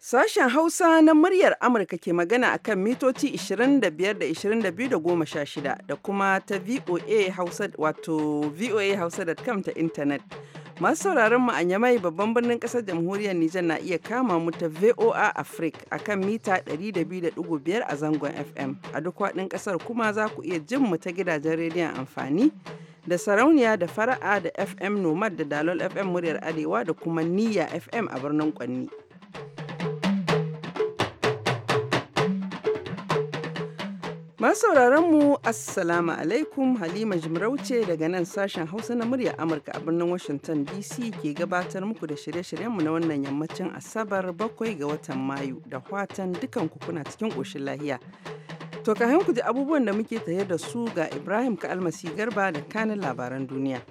Sashen Hausa na muryar Amurka ke magana a kan mitoci 25 da 22 da 16 da kuma ta VOA Hausa wato voahausa.com ta intanet. Masu sauraron mu a Yamai babban birnin kasar jamhuriyar Nijar na iya kama mu ta VOA Africa a kan mita 200.5 a zangon FM. A duk waɗin ƙasar kuma za ku iya jin mu ta gidajen rediyon amfani da sarauniya da fara'a da FM Nomad da Dalol FM muryar Arewa da kuma Niyya FM a birnin Kwanni. sauraron mu Assalamu alaikum Halima Jimarauce daga nan sashen Hausa na murya Amurka a birnin Washington DC ke gabatar muku da shirye-shiryenmu na wannan yammacin Asabar bakwai ga watan Mayu da fatan dukan kuna cikin ƙoshin lahiya. To kayan ku ji abubuwan da muke taye da su ga Ibrahim ka Almasi Garba da kanin labaran duniya.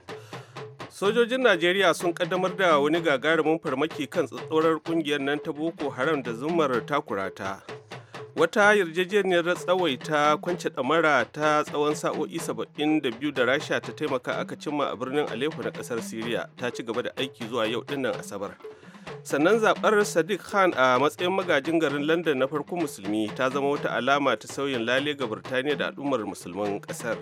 sojojin najeriya sun kaddamar da wani gagarumin farmaki kan tsatsaurar kungiyar nan ta boko haram da zumar takurata wata yarjejeniyar tsawaita kwance ɗamara ta tsawon sa'o'i 72 da rasha ta taimaka aka cimma a birnin aleppo na kasar syria ta ci gaba da aiki zuwa yau dinnan asabar sannan zaɓar sadiq khan a matsayin magajin garin london na farko musulmi ta zama wata alama ta sauyin lale ga birtaniya da al'ummar musulman kasar.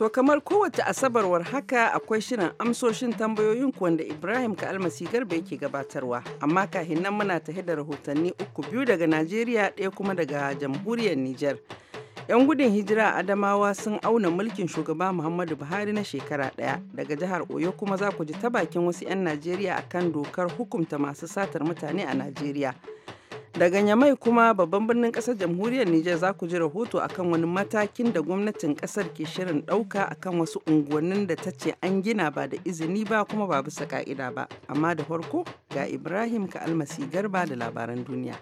To kamar kowace asabarwar haka akwai shirin amsoshin tambayoyin wanda Ibrahim ka almasi garba yake gabatarwa. Amma kahin nan muna tahe da rahotanni uku biyu daga Najeriya ɗaya kuma daga jamhuriyar Nijar. 'Yan gudun hijira a Adamawa sun auna mulkin shugaba Muhammadu Buhari na shekara ɗaya. Daga jihar Oyo kuma za ku ji ta bakin wasu 'yan Najeriya akan dokar hukunta masu satar mutane a Najeriya. Daga Nyamai kuma babban birnin kasar jamhuriyar Nijar za ku ji rahoto akan wani matakin da gwamnatin kasar ke shirin ɗauka akan wasu unguwannin da ta ce an gina ba da izini ba kuma ba bisa ka'ida ba. Amma da farko ga Ibrahim ka almasi garba da labaran duniya.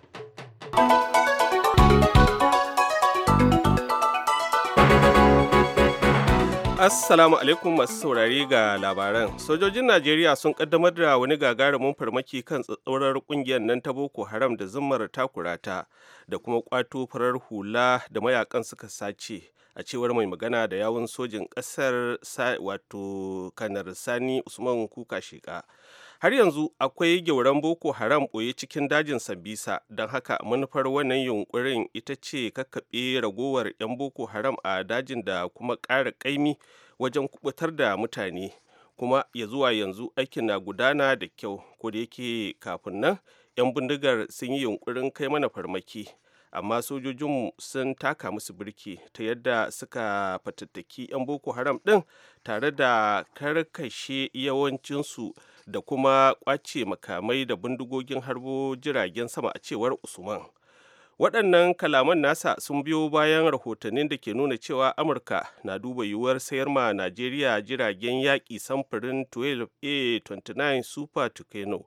Assalamu alaikum masu saurari ga labaran. Sojojin Najeriya sun kaddamar da wani gagarumin farmaki kan tsatsaurar kungiyar nan ta Boko Haram da zummar takurata da kuma kwato farar hula da mayakan suka sace a cewar mai magana da yawun sojin ƙasar wato kanar Sani Usman Kuka Sheka. har yanzu akwai gyauran boko haram ɓoye cikin dajin sambisa don haka manufar wannan yunkurin ita ce kakkaɓe ragowar 'yan boko haram a dajin da kuma ƙara ƙaimi wajen kubutar da mutane kuma ya zuwa yanzu aikin na gudana da kyau ko da yake kafin nan 'yan bindigar sun yi yunkurin kai mana farmaki amma sojojinmu sun taka musu birki ta yadda suka fatattaki 'yan boko haram ɗin tare da karkashe yawancinsu da kuma kwace makamai da bindigogin harbo jiragen sama a cewar usman waɗannan kalaman nasa sun biyo bayan rahotannin da ke nuna cewa amurka na duba yiwuwar sayar ma najeriya jiragen yaƙi samfurin 12a29 super tucano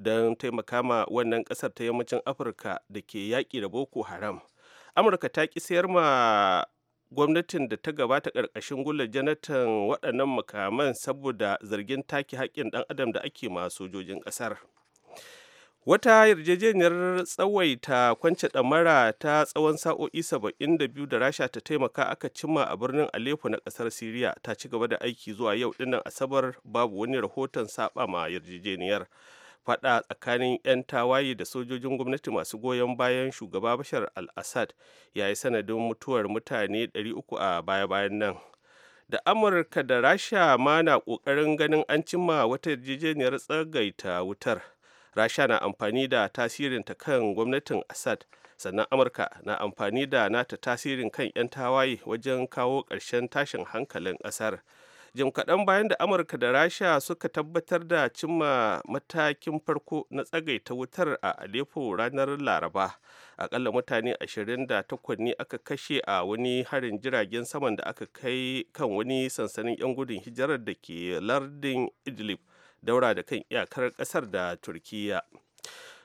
don taimaka ma wannan ƙasar ta yammacin afirka da ke yaƙi da boko haram amurka ta ƙi sayar ma gwamnatin da ta gabata ƙarƙashin gullar janatan waɗannan makaman saboda zargin taki haƙƙin ɗan adam da ake ma sojojin ƙasar wata yarjejeniyar tsawaita kwance ɗamara ta tsawon sa'o'i 72 da rasha ta taimaka aka cimma a birnin aleppo na ƙasar siriya ta ci gaba da aiki zuwa yau dinnan asabar babu wani rahoton saba ma yarjejeniyar faɗa tsakanin 'yan tawaye da sojojin gwamnati masu goyon bayan shugaba bashar al-assad ya yi sanadin mutuwar mutane 300 a baya-bayan nan da amurka da rasha ma na kokarin ganin an cimma wata yarjejeniyar tsagaita wutar rasha na amfani da tasirinta kan gwamnatin assad sannan amurka na amfani da nata tasirin kan 'yan tawaye wajen kawo ƙarshen tashin hankalin ƙasar. jim kaɗan bayan da amurka da rasha suka tabbatar da cimma matakin farko na tsagaita wutar a aleppo ranar laraba akalla mutane 28 ne aka kashe a wani harin jiragen saman da aka kai kan wani sansanin 'yan gudun hijirar da ke lardin idlib daura da kan iyakar ƙasar da turkiya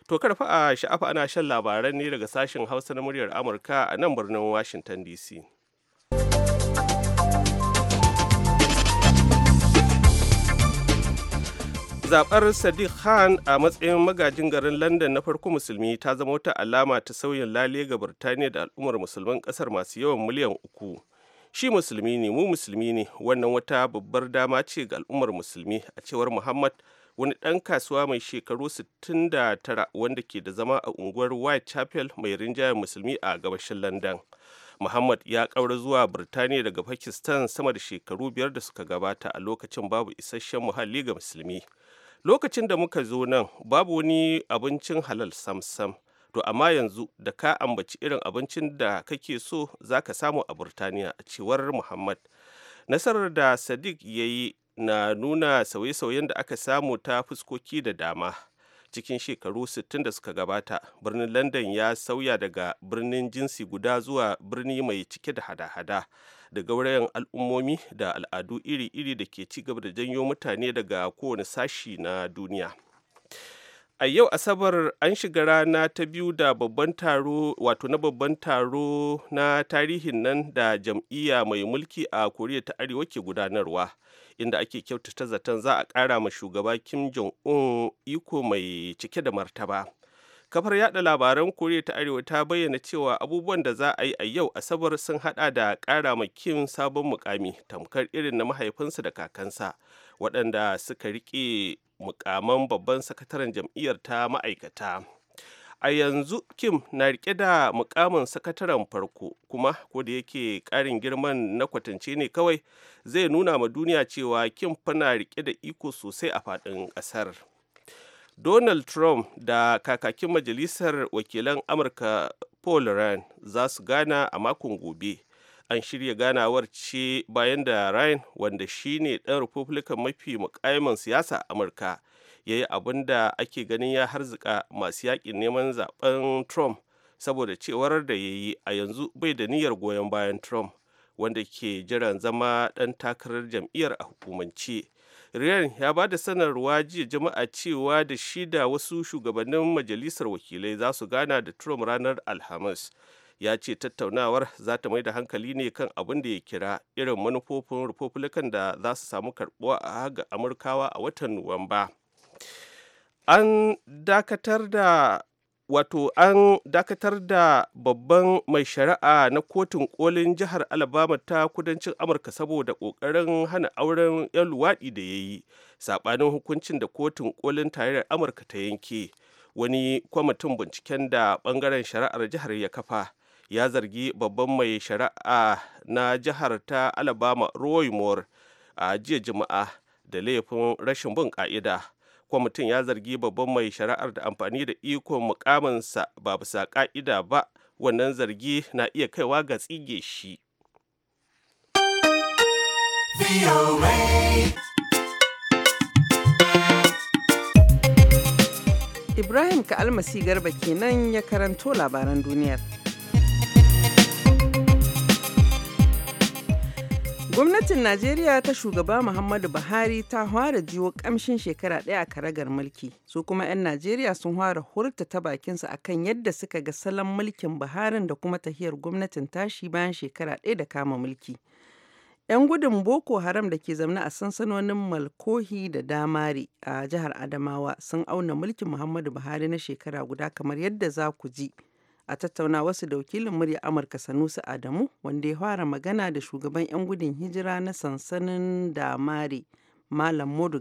to karfa a sha'afa ana shan labaran ne daga sashen hausa na muryar amurka a nan birnin washington dc zabar sadiq khan a matsayin magajin garin london na farko musulmi ta zama wata alama ta sauyin lale ga birtaniya da al'ummar musulman kasar masu yawan miliyan uku shi musulmi ne mu musulmi ne wannan wata babbar dama ce ga al'ummar musulmi a cewar muhammad wani ɗan kasuwa mai shekaru 69 wanda ke da zama a unguwar whitechapel mai rinjayen musulmi a gabashin london muhammad ya ƙaura zuwa birtaniya daga pakistan sama da shekaru biyar da suka gabata a lokacin babu isasshen muhalli ga musulmi lokacin da muka zo nan babu wani abincin halal samsam to amma yanzu da ka ambaci irin abincin da kake so za ka samu a burtaniya a cewar muhammad nasarar da sadiq ya yi na nuna sauye-sauyen da aka samu ta fuskoki da dama cikin shekaru 60 da suka gabata birnin london ya sauya daga birnin jinsi guda zuwa birni mai cike da hada-hada daga wurin al'ummomi da al'adu iri-iri da ke ci gaba da janyo mutane daga kowane sashi na duniya a yau asabar an shiga rana ta biyu da babban taro wato na babban taro na tarihin nan da jam'iyya mai mulki a koriya ta arewa ke gudanarwa inda ake kyautata zaton za a ƙara ma shugaba kim jong-un iko mai cike da martaba kafar yada labaran koriya ta arewa ta bayyana cewa abubuwan da za a yi a yau asabar sun hada da kara ma kim sabon mukami tamkar irin na mahaifinsa da kakansa waɗanda suka rike mukaman babban sakataren jam'iyyar ta ma'aikata a yanzu kim na rike da mukamin sakataren farko kuma ko da yake karin girman na kwatance ne kawai zai nuna ma duniya cewa kim fana rike da iko sosai a fadin kasar. donald trump da kakakin majalisar wakilan amurka paul ryan za su gana a makon gobe an shirya ganawar ce bayan da ryan wanda shine dan republican mafi mukamin siyasa amurka ya yi abin da ake ganin ya harzika masu yaƙin neman zaben trump saboda cewar da ya yi a yanzu bai da niyyar goyon bayan trump wanda ke jiran zama ɗan takarar jam'iyyar a hukumance ryan ya ba da sanarwa jiya jama'a cewa da shi da wasu shugabannin majalisar wakilai za su gana da trump ranar alhamis ya ce tattaunawar za ta mai da hankali ne kan abin da ya kira irin manufofin republican da za su samu karbuwa a haga amurkawa a watan nuwamba an dakatar da wato an dakatar da babban mai shari'a na kotun kolin jihar alabama ta kudancin amurka saboda kokarin hana auren 'yan luwaɗi da ya yi saɓanin hukuncin da kotun kolin tarayyar amurka ta yanke wani kwamitin binciken da ɓangaren shari'ar jihar ya kafa ya zargi babban mai shari'a na jihar ta alabama roy moore a jiya juma'a da laifin rashin bin ƙa'ida kwamitin ya zargi babban mai shari'ar da amfani da ikon mukaminsa ba bisa ka'ida ba wannan zargi na iya kaiwa ga tsige shi Ibrahim Ka'almasi Garba kenan ya karanto labaran duniyar. Gwamnatin Najeriya ta shugaba Muhammadu Buhari ta hwara jiwo kamshin shekara ɗaya a karagar mulki. Su kuma 'yan Najeriya sun hwara hurta ta a kan yadda suka ga salon mulkin Buharin da kuma tahiyar gwamnatin tashi bayan shekara ɗaya da kama mulki. 'Yan gudun Boko Haram da ke zaune a sansanonin Malkohi da Damari a jihar Adamawa sun auna mulkin Muhammadu Buhari na shekara guda kamar yadda za ku ji a tattauna wasu da wakilin murya Amurka Sanusi Adamu wanda ya fara magana da shugaban 'yan gudun hijira na sansanin Damare Malam Modu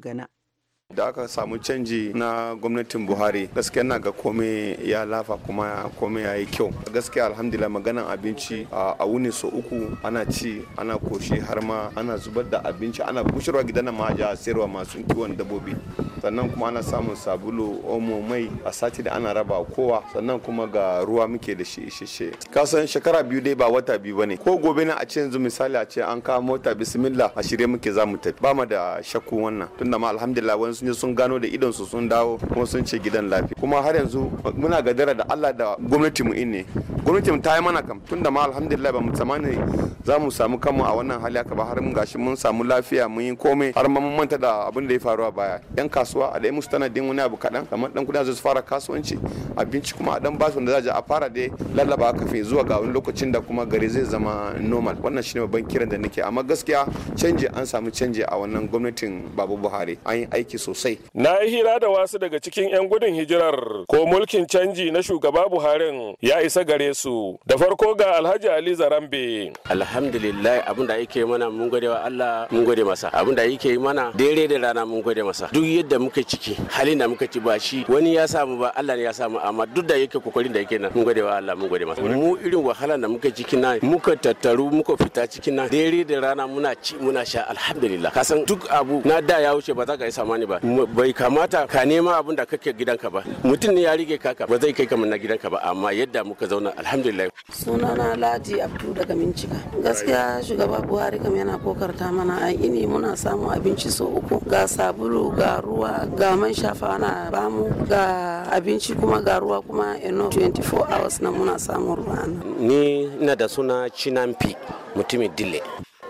da aka samu canji na gwamnatin buhari gaskiya na ga kome ya lafa kuma kome ya yi kyau gaskiya alhamdulillah maganan abinci a wuni so uku ana ci ana koshi har ma ana zubar da abinci ana bushirwa gidan ma a sayarwa masu kiwon dabobi. sannan kuma ana samun sabulu omo mai a sati da ana raba kowa sannan kuma ga ruwa muke da shi isheshe kasan shekara biyu dai ba wata biyu bane ko gobe na a ce yanzu misali a ce an kawo mota bismillah a shirye muke za mu tafi ba mu da shakku wannan tunda ma alhamdulillah sun je sun gano da idon su sun dawo kuma sun ce gidan lafiya kuma har yanzu muna gadara da Allah da gwamnati mu ne gwamnatin ta yi mana kam tun da ma alhamdulillah ba mu tsammani za mu samu kanmu a wannan hali haka ba har mun gashi mun samu lafiya mun yi komai har ma mun manta da abin da ya faru a baya yan kasuwa a dai musu tanadin wani abu kaɗan kamar dan kuɗi su fara kasuwanci abinci kuma a dan ba su da za a fara dai lallaba kafin zuwa ga wani lokacin da kuma gari zai zama normal wannan shine babban kiran da nake amma gaskiya canji an samu canji a wannan gwamnatin babu buhari an yi aiki sosai na yi hira da wasu daga cikin yan gudun hijirar ko mulkin canji na shugaba buharin ya isa gare su su da farko ga alhaji ali zarambe alhamdulillah abin da yake mana mun gode wa allah mun gode masa abin da yake yi mana dare da rana mun gode masa duk yadda muka ciki halin da muka ci ba shi wani ya samu ba allah ne ya samu amma duk da yake kokarin da yake nan mun gode wa allah mun gode masa mu irin wahalan da muka ciki nan muka tattaru muka fita cikin nan dare da rana muna ci muna sha alhamdulillah kasan duk abu na da ya wuce ba za ka yi samani ba bai kamata ka nema abin da kake gidanka ba mutum ne ya rige kaka ba zai kai kamar na gidanka ba amma yadda muka zauna alhamdulillah sunana laji abdu daga mincika gaskiya shugaba buhari kam yana kokarta mana a ini muna samu abinci so uku ga sabulu ga ruwa ga man shafa ana bamu ga abinci kuma ga ruwa kuma eno 24 hours na muna samun ruwa ni ina da suna chinampi mutumin dile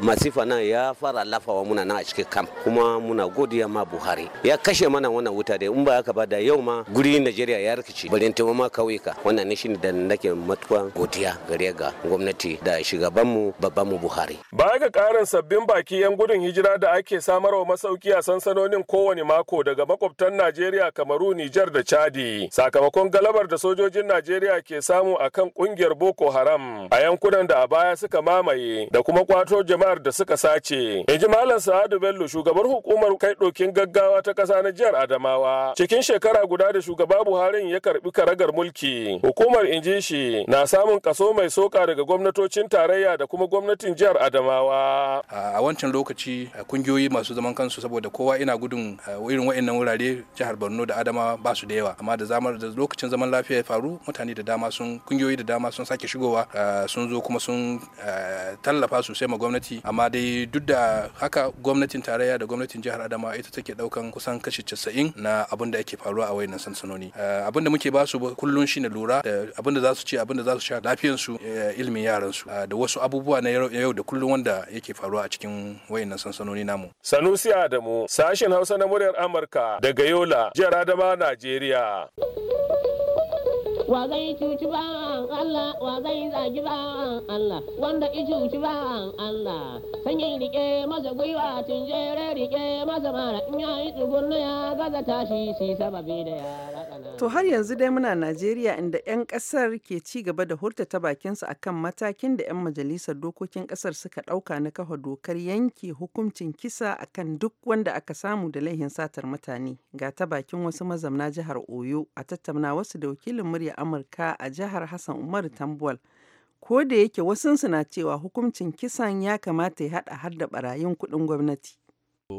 masifa nan ya fara lafawa muna nan a cikin kam kuma muna godiya ma buhari ya kashe mana wannan wuta da in ba haka ba da yau ma guri najeriya ya rikici bari ta ma kauyuka wannan ne shine da nake matukan godiya gare ga gwamnati da babban babbanmu buhari baya ga karin sabbin baki yan gudun hijira da ake samarwa masauki a sansanonin kowane mako daga makwabtan najeriya kamaru nijar da chadi sakamakon galabar da sojojin najeriya ke samu akan kungiyar boko haram a yankunan da a baya suka mamaye da kuma kwato jama'a jihar da suka sace. In ji Malam Sa'adu Bello shugabar hukumar kai dokin gaggawa ta ƙasa na jihar Adamawa. Cikin shekara guda da shugaba Buhari ya karɓi karagar mulki. Hukumar in shi na samun kaso mai soka daga gwamnatocin tarayya da kuma gwamnatin jihar Adamawa. A wancan lokaci kungiyoyi masu zaman kansu saboda kowa ina gudun irin wa'annan wurare jihar Borno da Adamawa ba su da yawa amma da zamar da lokacin zaman lafiya ya faru mutane da dama sun kungiyoyi da dama sun sake shigowa sun zo kuma sun tallafa sosai ma gwamnati amma dai duk da haka gwamnatin tarayya da gwamnatin jihar adama ita take daukan kusan kashi casa'in na abin da ake faruwa a wayannan sansanoni eh, abin da muke basu kullun shine lura da abin da za su ci abin da za su sha lafiyansu eh, ilimin yaransu eh, da wasu abubuwa na yau da kullun wanda yake faruwa a cikin wayannan sansanoni namu sanusi adamu sashen hausa na muryar amurka daga yola jihar Adama najeriya wa zai cuci ba Allah wa zai zagi ba Allah wanda ya cuci ba Allah sanyi rike masa gwiwa tun jere rike masa mara in yayi tsugunna ya gaza tashi si sababi da yara To har yanzu dai muna Najeriya inda 'yan kasar ke ci gaba da hurtata bakinsu akan matakin da 'yan majalisar dokokin kasar suka ɗauka na kafa dokar yanke hukuncin kisa akan duk wanda aka samu da laihin satar mutane. Ga ta bakin wasu mazamna jihar Oyo a tattauna wasu da wakilin murya Amurka a jihar Hassan Umar Tambuwal. Ko da yake wasunsu na cewa hukuncin kisan ya kamata ya haɗa har da barayin kuɗin gwamnati.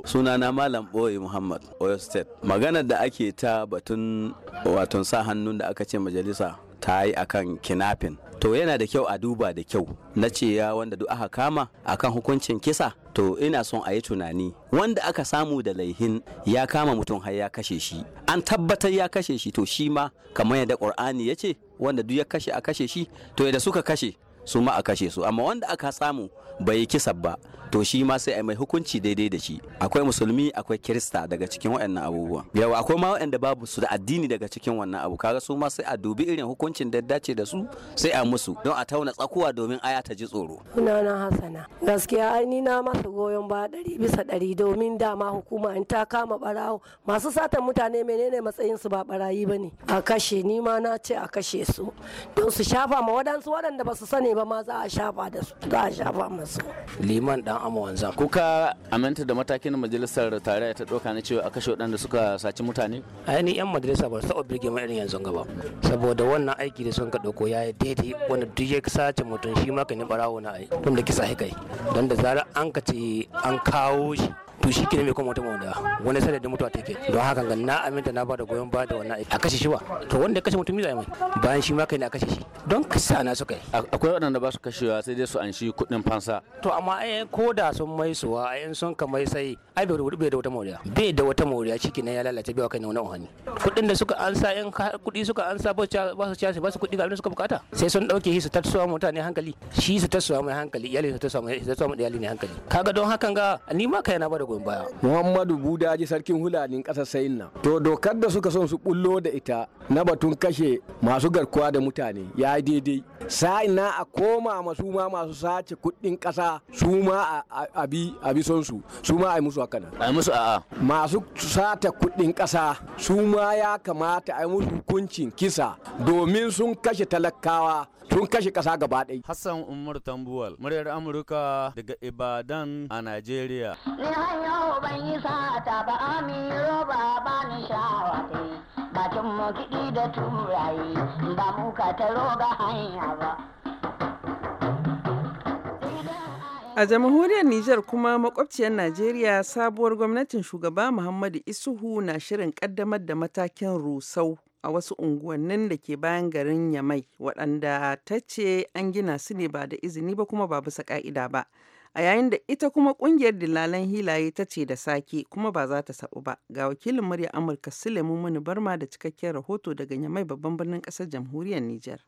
sunana malam boye muhammad oyo state maganar da ake ta batun waton sa hannun da aka ce majalisa ta yi akan kinafin to yana da kyau a duba da kyau na cewa wanda duk aka kama akan hukuncin kisa to ina son a yi tunani wanda aka samu da laihin ya kama mutum har ya kashe shi an tabbatar ya kashe shi to shi ma kamar yadda ƙur'ani ya ce wanda duk ya kashe a kashe shi to yadda suka kashe su ma a kashe su amma wanda aka samu bai yi kisa ba to shi ma sai a mai hukunci daidai da shi akwai musulmi akwai kirista daga cikin waɗannan abubuwa yawa akwai ma waɗanda babu su da addini daga cikin wannan abu kaga su ma sai a dubi irin hukuncin da dace da su sai a musu don a tauna tsakuwa domin aya ta ji tsoro sunana hasana gaskiya ai ni na masa goyon ba ɗari bisa ɗari domin dama hukuma in ta kama barawo masu satan mutane menene matsayin su ba barayi bane a kashe ni ma na ce a kashe su don su shafa ma waɗansu waɗanda ba su sani ba ma za a shafa da su za a shafa masu liman dan amma wanzan kuka aminta da matakin majalisar tarayya ta doka na cewa a kashe waɗanda suka saci mutane ainihin yan majalisa ba su taɓa birge yanzu gaba saboda wannan aiki da sun ka ɗauko ya yi daidai wanda duk ya sace mutum shi ma ka ni barawo na aiki tun da kisa hikai don da zarar an ka ce an kawo shi to shi kenan mai kuma wata mawanda wani sanar da mutuwa take don haka ga na aminta na bada goyon baya da wannan a kashe shi wa to wanda kashe mutum zai mai bayan shi ma kai na kashe shi don kasa na su kai akwai waɗanda ba su kashewa sai dai su an shi kuɗin fansa to amma ai ko da sun mai suwa ai in sun kamai sai ai bai da wata moriya bai da wata moriya shi kenan ya lalace bai wa kai na wani ohani kuɗin da suka ansa in kuɗi suka ansa ba su ci ba su kuɗi ga abin suka bukata sai sun ɗauke shi su tatsuwa mutane hankali shi su tatsuwa mai hankali iyali su tatsuwa mai iyali ne hankali kaga don hakan ga ni ma kai na bada goyon baya muhammadu budaji sarkin hulanin kasar sayin nan to dokar da suka son su bullo da ita na batun kashe masu garkuwa da mutane ya yi daidai sa'in na a koma masu ma masu sace kuɗin ƙasa su ma a bi son su su ma a musu haka a musu a'a masu sata kuɗin ƙasa su ma ya kamata a yi musu hukuncin kisa domin sun kashe talakawa tun kashe kasa gaba ɗaya. Hassan Umar Tambuwal, muryar Amurka daga Ibadan a Najeriya. Ni hanyar ban yi sata ba amiro roba ba ni bakin mu da turaye ba mu taro ga hanya ba. A jamhuriyar Nijar kuma makwabciyar Najeriya sabuwar gwamnatin shugaba Muhammadu Isuhu na shirin kaddamar da matakin rusau a wasu unguwannin da ke bayan garin Yamai waɗanda ta ce an gina su ne ba da izini ba kuma ba bisa ka'ida ba. A yayin da ita kuma ƙungiyar dilalan hilaye ta ce da sake kuma ba za ta saɓu ba. Ga wakilin murya Amurka Suleiman Muni Barma da cikakken rahoto daga Yamai babban birnin ƙasar jamhuriyar Nijar.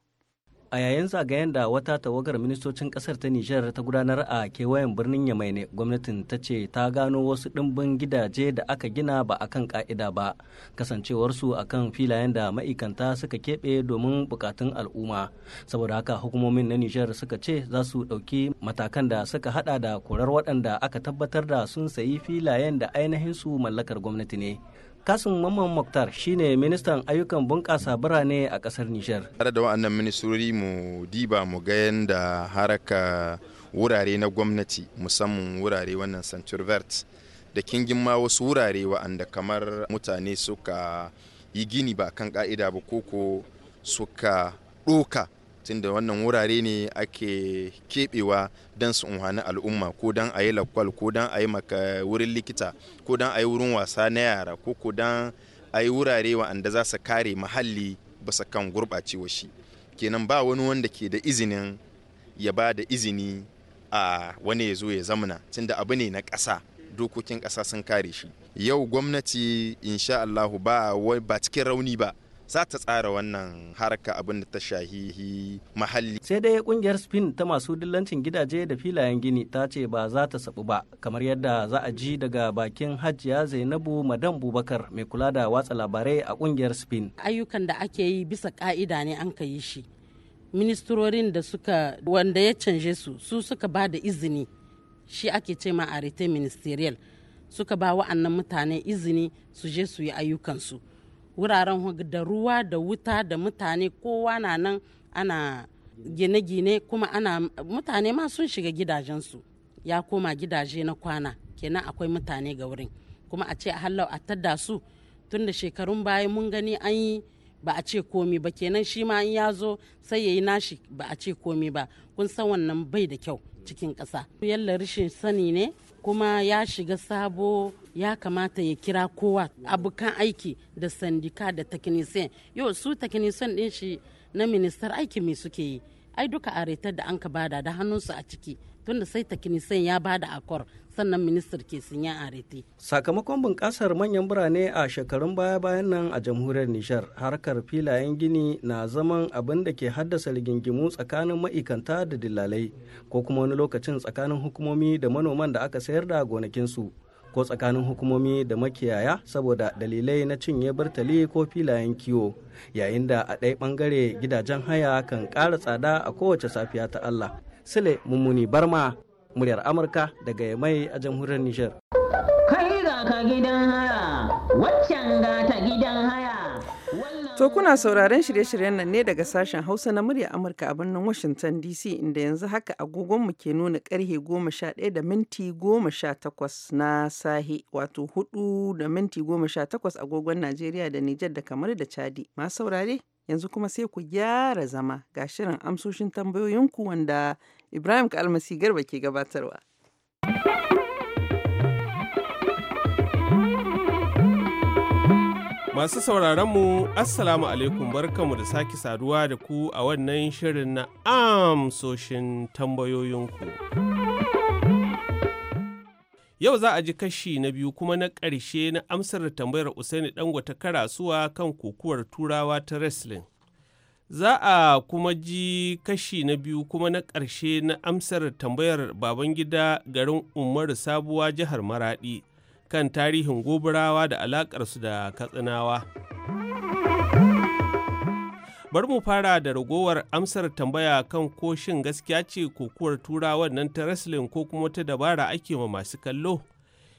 a yayin zagayen da wata tawagar ministocin kasar ta nijar ta gudanar a kewayen birnin ya ne gwamnatin ta ce ta gano wasu ɗimbin gidaje da aka gina ba a kan ka'ida ba kasancewarsu a kan filayen da ma'ikanta suka keɓe domin bukatun al'umma saboda haka hukumomin na nijar suka ce za su ɗauki matakan da suka haɗa da korar waɗanda aka tabbatar da sun sayi filayen da ainihin su mallakar gwamnati ne kasin mamman muktar shine ministan ayyukan bunƙasa birane a ƙasar nijar tare da wa'annan ministori mu diba mu ga yadda haraka wurare na gwamnati musamman wurare wannan central vert da kingin ma wasu wurare wa'anda kamar mutane suka yi gini ba kan ƙa'ida ba koko suka ɗoka tunda wannan wurare ne ake keɓewa don su unhani al'umma ko don a yi lakwal ko don a yi maka wurin likita ko don a yi wurin wasa na yara ko ko don a yi wurare wa'anda za su kare muhalli bisa kan gurɓacewa shi kenan ba wani wanda ke da izinin ya ba da izini a wani ya zo ya zamana tunda abu ne na ƙasa dokokin ƙasa sun kare shi yau gwamnati insha Allahu ba cikin rauni ba za ta tsara wannan harka abin da ta shahihi mahalli. Sai dai kungiyar Spin ta masu dillancin gidaje da filayen gini ta ce ba za ta sabu ba kamar yadda za a ji daga bakin hajjiya Zainabu Madam Bubakar mai kula da watsa labarai a kungiyar Spin. Ayyukan da ake yi bisa ka'ida ne an ka yi shi. Ministrorin da suka wanda ya canje su su suka ba da izini shi ake ce ma arete ministerial suka ba wa'annan mutane izini su je su yi ayyukansu. wuraren da ruwa da wuta da mutane kowa na nan ana gine-gine kuma ana mutane ma sun shiga gidajensu ya koma gidaje na kwana kenan akwai mutane ga wurin kuma a ce a hallau a tadda su tun da shekarun baya mun gani an yi ba a ce komi ba kenan shi ma in ya zo sai ya yi nashi ba a ce komi ba kun san wannan bai da kyau cikin ƙasa yalla rashin sani ne kuma ya shiga sabo ya kamata ya kira kowa abokan aiki da sandika da technician yau su technician din shi na ministar aiki mai suke yi ai duka aretar da an ka bada da hannunsu a ciki tunda sai takinisan ya bada akor sannan ministar ke sun ya arete. Sakamakon bunƙasar manyan birane a shekarun baya-bayan nan a jamhuriyar Nishar, harkar filayen gini na zaman abin da ke haddasa rigingimu tsakanin ma'ikanta da dillalai, ko kuma wani lokacin tsakanin hukumomi da manoman da aka sayar da gonakinsu, ko tsakanin hukumomi da makiyaya saboda dalilai na cinye burtali ko filayen kiwo, yayin da a ɗaya ɓangare gidajen haya kan ƙara tsada a kowace safiya ta Allah. Sule Mummuni Barma, muryar Amurka daga Yamai a jamhuriyar niger. Kai ga ka gidan haya, waccan ga ta gidan haya. To kuna sauraron shirye-shiryen nan ne daga sashen Hausa na murya Amurka a birnin Washington DC inda yanzu haka agogonmu ke nuna karhe 11 da minti 18 na sahi wato 4 da minti 18 agogon Najeriya da Nijar da kamar da Chadi. Ma saurare Yanzu kuma sai ku gyara zama ga shirin amsoshin tambayoyinku wanda Ibrahim Kalmasi Garba ke gabatarwa. Masu sauraronmu, Assalamu alaikum barkamu da sake saduwa da ku a wannan shirin na amsoshin tambayoyinku. Yau za a ji kashi na biyu kuma na ƙarshe na amsar tambayar Usaini Dangote Karasuwa kan kokuwar Turawa ta wrestling. Za a kuma ji kashi na biyu kuma na ƙarshe na amsar tambayar Babangida garin Umaru Sabuwa jihar Maraɗi kan tarihin goburawa da alaƙarsu da Katsinawa. bar mu fara da ragowar amsar tambaya kan ko shin gaskiya ce kokuwar turawan nan ta wrestling ko kuma ta dabara ake ma masu kallo.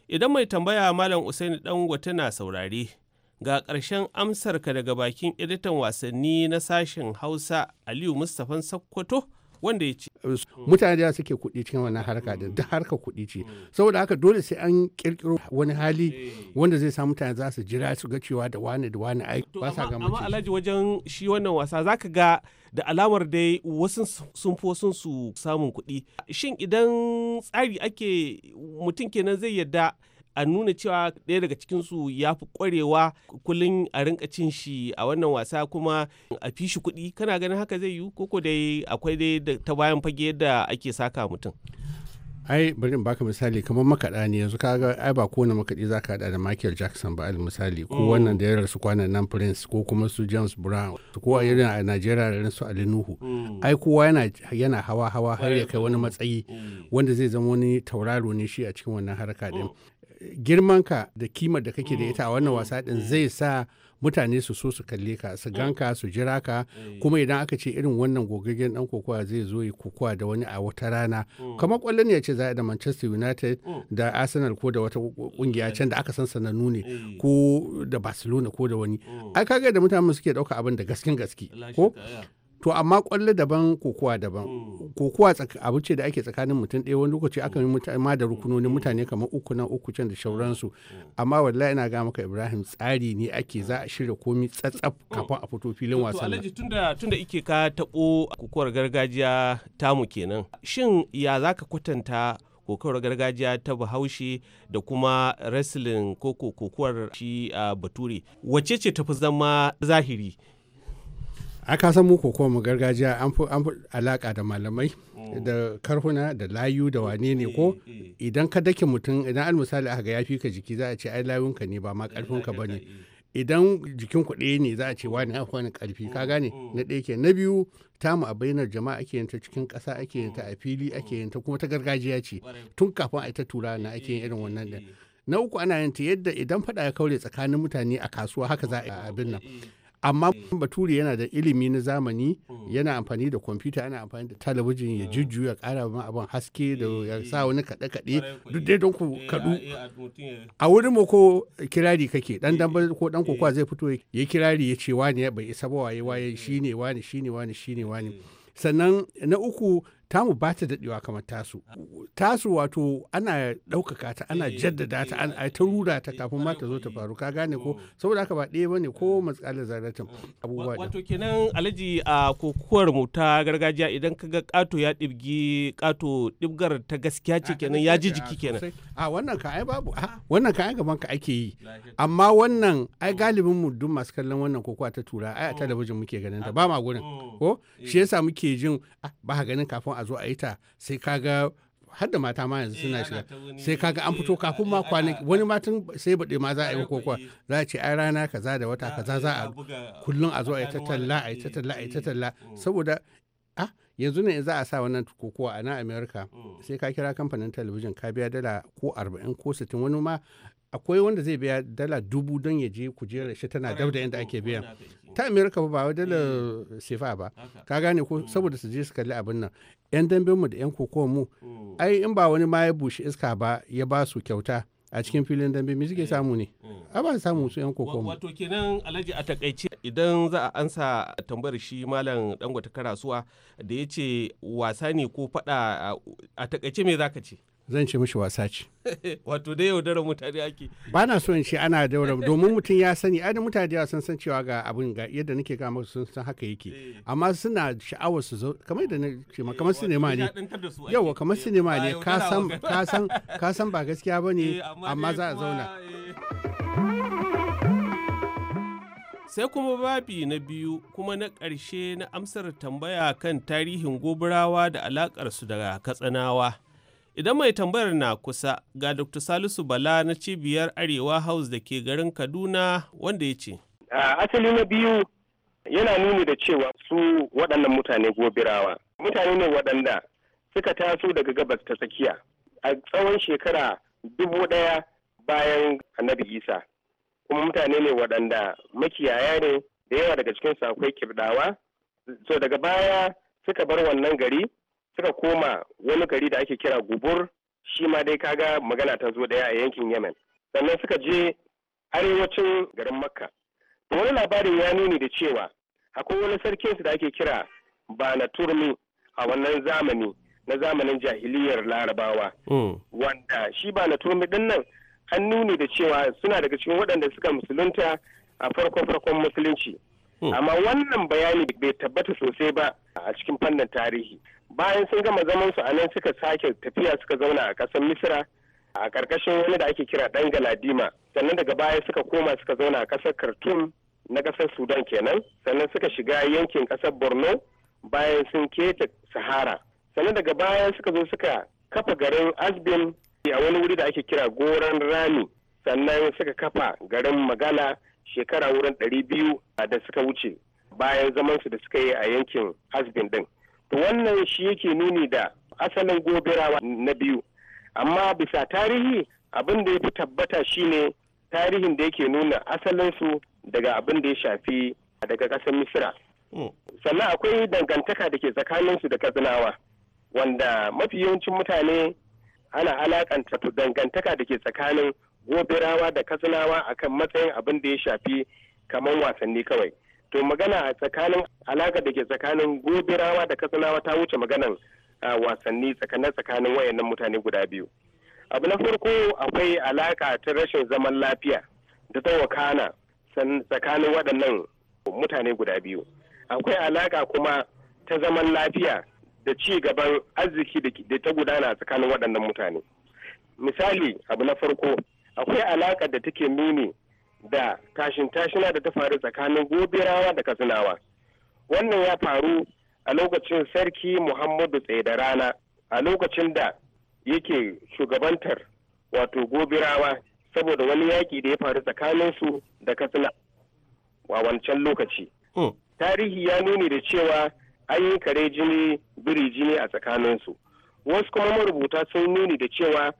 Idan mai tambaya Malam Usaini Dangwata na saurare, ga ƙarshen amsarka daga bakin editan wasanni na sashen Hausa Aliyu Mustapha Sakkwato wanda ya ce. mutane da suke kuɗi cikin wannan harka da duk harka kuɗi ce saboda haka dole sai an kirkiro wani hali eh. wanda zai sa mutane za su jira su ga cewa da wani da wani ai ba sa ga amma alhaji wajen shi wannan wasa zaka ga da alamar dai wasu sun fi wasu su samun kuɗi shin idan tsari ake mutum kenan zai yadda a nuna cewa ɗaya daga cikinsu ya fi ƙwarewa kullum a rinka cin shi a wannan wasa kuma a fi shi kuɗi kana ganin haka zai yi koko dai akwai dai ta bayan fage yadda ake saka mutum ai bari in baka misali kamar makaɗa ne yanzu kaga ai ba kowane makaɗi za ka da Michael Jackson ba misali ko mm. wannan da ya rasu kwanan nan Prince ko kuma su James Brown ko a yana a Najeriya da su Ali Nuhu mm. ai kowa yana yana hawa hawa har ya kai wani matsayi mm. wanda zai zama wani tauraro ne shi a cikin wannan harka din girmanka da kimar da kake da mm, ita a wannan mm, wasa din mm. zai sa mutane su so su kalle ka su ganka su jira ka kuma idan aka ce irin wannan gogaggen dan kokowa zai zo yi kokowa da wani a wata rana kamar kwallon ya ce za da Manchester United da Arsenal ko da wata kungiya can da aka san sanannu ne eh. ko da Barcelona ko da wani ai kaga da mutane suke dauka abin da gaskin gaske ko to amma kwallo daban kokowa daban mm. kokowa abu ce da ake tsakanin mutum ɗaya wani lokaci aka yi ma da rukunoni mm. mutane kamar uku nan uku can da shauransu mm. amma wallahi ina ga maka ibrahim tsari ne ake za a shirya komi tsatsaf kafin a fito filin wasan nan tunda tunda ike ka tabo kokowar gargajiya tamu kenan shin ya zaka kwatanta kokowar gargajiya ta bahaushe da kuma wrestling ko kokowar shi a bature wacce ce tafi zama zahiri a san mu kokowa mu gargajiya an fi alaka da malamai mm. da karhuna da layu da wane ne ko mm, mm. idan ka dake mutum idan al misali aka ga ya fi ka jiki za a ce ai ka ne ba ma karfin ba ne idan jikin ku ɗaya ne za a ce wani haka wani karfi ka gane na ɗaya ke na biyu tamu a bainar jama'a ake yin ta cikin ƙasa ake yin ta a fili ake yin ta kuma ta gargajiya ce tun kafin a ta tura na ake yin irin wannan da na uku ana yin ta yadda idan faɗa ya kaure tsakanin mutane a kasuwa haka za a abin nan amma mm. bature yana da ilimi na zamani mm. yana amfani da kwamfuta yana amfani da talabijin ya mm. jujju ya kara ma abin haske da eh. ya sa wani kaɗe kaɗe duk dai don ku eh, kaɗu eh, a wurin mu ko kirari kake dan dan ko dan kokowa zai fito ya kirari ya ce wani bai isa ba waye waye shine wani shine wani shine wani sannan na uku tamu ba ta daɗewa kamar tasu tasu wato ana ɗaukaka ta ana eh, jaddada ta ana ta rura ta kafin ma ta zo ta faru ka gane ko oh. saboda haka ba ɗaya bane ko mm. matsalar zarratin mm. abubuwa wato kenan alaji a kokuwar mu ta gargajiya idan kaga kato ya dibgi kato ɗibgar ta gaskiya ce kenan ya ji jiki kenan a wannan ka ai babu a wannan ka ai gaban ka ake yi amma wannan ai mm. galibin mu duk masu kallon wannan kokuwa ta tura ai a talabijin muke ganin ta ah, ba ma gurin ko shi eh. yasa muke jin ba ganin kafin a zo a yi ta sai kaga har da mata ma yanzu suna eh, shiga sai kaga an fito kafin ma eh, kwanaki wani matan sai baɗe ma za a yi kokowa za a ce ai rana kaza da wata kaza za a kullum a zo a yi ta talla a yi ta eh, talla a yi ta talla mm. saboda a ah, yanzu ne za a sa wannan kokowa a nan america mm. sai ka kira kamfanin talabijin ka biya dala ko arba'in ko sittin wani ma akwai wanda zai biya dala dubu don ya je kujerar shi tana dab yadda ake biya ta amerika ba wa dala eh. sefa ba ka gane ko mm. saboda su je su kalli abin nan yan damben mu da yan kokon mu mm. ai in ba wani ma ya bushe iska ba ya ba su kyauta a cikin filin dambe me suke eh. samu ne mm. a ba samu su yan kokon mu wato kenan alhaji a takaice idan za a ansa tambayar shi malam dangwata karasuwa da ya ce wasa ne ko fada a takaice me zaka ce zan ce mishi wasa ce. Wato dai yaudarar mutane ake. Ba na so in ce ana daura domin mutum ya sani ai mutane da ya sun san cewa ga abin ga yadda nake ga musu sun san haka yake. Eh. Amma suna sha'awar su kamar da ce ma kamar eh, sinema ne. Yawa kamar eh, sinema ne ka san ka san ka san ba gaskiya bane amma za a zauna. Sai kuma babi na biyu kuma na ƙarshe na amsar tambaya kan tarihin goburawa da alaƙarsu daga katsanawa. Idan mai tambayar na kusa ga Dr. Salisu Bala na cibiyar Arewa House da ke garin Kaduna wanda ya ce. Asali na biyu yana nuni da cewa su waɗannan mutane gobirawa. Mutane ne waɗanda suka taso daga gabas ta tsakiya a tsawon shekara dubu ɗaya bayan annabi Isa. Kuma mutane ne waɗanda makiyaya ne da yawa daga cikin akwai kirdawa. So daga baya suka bar wannan gari suka koma wani gari da ake kira gubur shi ma dai kaga magana ta zo daya a yankin yemen sannan suka je arewacin garin makka Da wani labarin ya nuni da cewa akwai wani sarkinsu da ake kira bana turmi a wannan zamani na zamanin jahiliyar larabawa hmm. wanda shi bana turmi din nan an nuni da cewa suna daga cikin waɗanda suka musulunta a farkon farkon musulunci hmm. amma wannan bayani bai tabbata sosai ba a cikin fannin tarihi bayan sun gama zaman su a nan suka sake tafiya suka zauna a ƙasar misira a ƙarƙashin wani da ake kira ɗan galadima sannan daga baya suka koma suka zauna a ƙasar khartoum na ƙasar sudan kenan sannan suka shiga yankin ƙasar borno bayan sun keta sahara sannan daga baya suka zo suka kafa garin asbin a wani wuri da ake kira goron rami sannan suka kafa garin magala shekara wurin ɗari biyu da suka wuce bayan zamansu da suka yi a yankin asbin ɗin. wannan shi yake nuni da asalin gobirawa na biyu amma bisa tarihi abin da ya fi tabbata shine tarihin da yake nuna asalinsu daga abin da ya shafi daga ƙasar misira hmm. sannan akwai dangantaka da ke tsakaninsu da kazinawa wanda mafi yawancin mutane ana alakanta dangantaka da ke tsakanin gobirawa da kazinawa akan matsayin abin da ya shafi kamar wasanni kawai to magana a tsakanin alaka da ke tsakanin gobirawa da kasanawa ta wuce maganan wasanni tsakanin tsakanin wayannan mutane guda biyu abu na farko akwai alaka ta rashin zaman lafiya da ta wakana tsakanin waɗannan mutane guda biyu akwai alaka kuma ta zaman lafiya da ci gaban arziki da ta gudana tsakanin waɗannan mutane misali abu na farko akwai alaka da take nuni da tashin tashina da ta faru tsakanin gobirawa da katsinawa wannan ya faru a lokacin sarki muhammadu rana a lokacin da yake shugabantar wato gobirawa saboda wani yaƙi da ya faru tsakaninsu da katsina a wancan lokaci hmm. tarihi ya nuni da cewa an yi kare jini biri jini a tsakaninsu wasu kuma marubuta sun nuni da cewa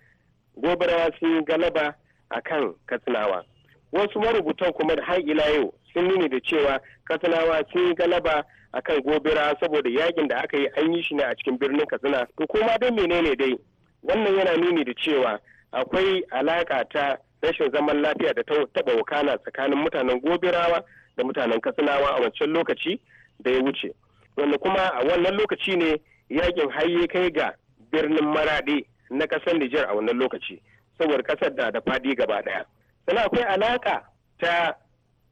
gobirawa sun yi galaba a kan katsinawa wasu marubutan kuma da har ila yau sun nuni da cewa katsinawa sun yi galaba a kan gobira saboda yakin da aka yi an yi shi ne a cikin birnin katsina to kuma don menene dai wannan yana nuni da cewa akwai alaka ta rashin zaman lafiya da ta taɓa wakana tsakanin mutanen gobirawa da mutanen katsinawa a wancan lokaci da ya wuce wanda kuma a wannan lokaci ne yakin haye kai ga birnin maraɗi na ƙasar Nijar a wannan lokaci saboda ƙasar da da faɗi gaba ɗaya sannan akwai alaka ta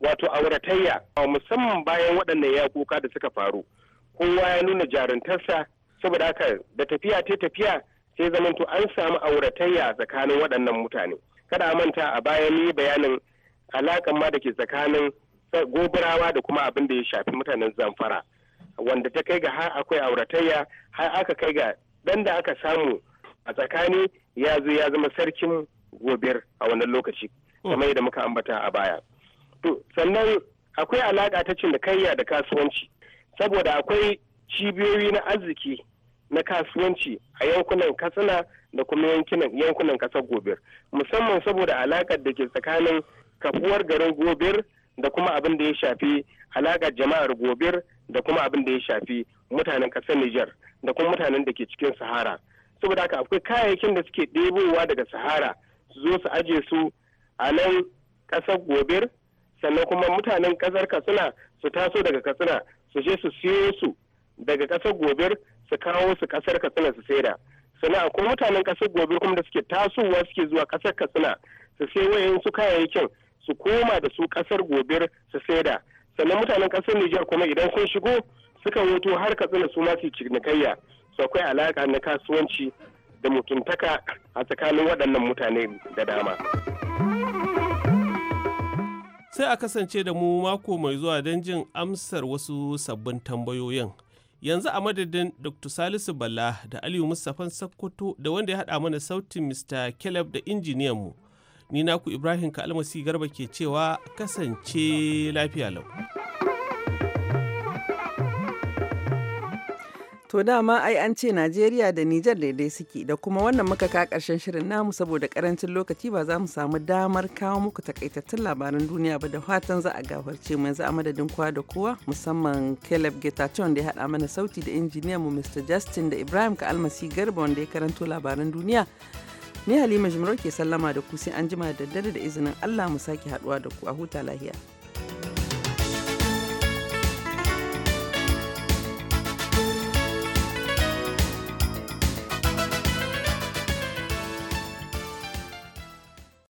wato auratayya musamman bayan waɗannan kuka da suka faru kowa ya nuna jaruntarsa saboda haka da tafiya ta tafiya sai zamanto an samu auratayya tsakanin waɗannan mutane kada a manta a bayan ni bayanin alakan ma da ke tsakanin gobarawa da kuma abin da ya shafi mutanen zamfara wanda ta kai ga har akwai auratayya har aka kai ga ɗan da aka samu a tsakani ya zo ya zama sarkin gobir a wannan lokaci kamar yadda muka ambata a baya to sannan akwai alaƙa ta cin da kasuwanci saboda akwai cibiyoyi na arziki na kasuwanci a yankunan katsina da kuma yankunan kasar gobir musamman saboda alaƙar da ke tsakanin kafuwar garin gobir da kuma abin da ya shafi alaƙar jama'ar gobir da kuma abin da ya shafi mutanen kasar nijar da kuma mutanen da ke cikin sahara saboda haka akwai kayayyakin da suke ɗebowa daga sahara su zo su ajiye su a nan ƙasar gobir sannan kuma mutanen ƙasar katsina su taso daga katsina su je su siyo su daga ƙasar gobir su kawo su ƙasar katsina su saida sannan akwai mutanen ƙasar gobir kuma da suke tasowa suke zuwa ƙasar katsina su sai su kayayyakin su koma da su ƙasar gobir su saida sannan mutanen ƙasar nijar kuma idan kun shigo suka wuto har katsina su ma su cinikayya su akwai alaƙa na kasuwanci da mutuntaka a tsakanin waɗannan mutane da dama. Sai a kasance da mu mako mai zuwa don jin amsar wasu sabbin tambayoyin. Yanzu a madadin Dr. Salisu Bala da Aliyu Mustapha Sakkwato da wanda ya haɗa mana sautin Mr. Caleb da injiniyanmu. Ni naku Ibrahim ka'almasi Garba ke cewa kasance lafiya lau. To dama ai an ce Najeriya da Nijar daidai suke da kuma wannan muka ka karshen shirin namu saboda karancin lokaci ba za mu samu damar kawo muku takaitattun labaran duniya ba da fatan za a gafarce mu yanzu a madadin kowa da kowa musamman Caleb Getachon da ya haɗa mana sauti da injiniyan mu Mr. Justin da Ibrahim ka almasi Garba wanda ya karanto labaran duniya. Ni Halima Jimro ke sallama da ku sai an jima da daddare da izinin Allah mu sake haɗuwa da ku a huta lahiya.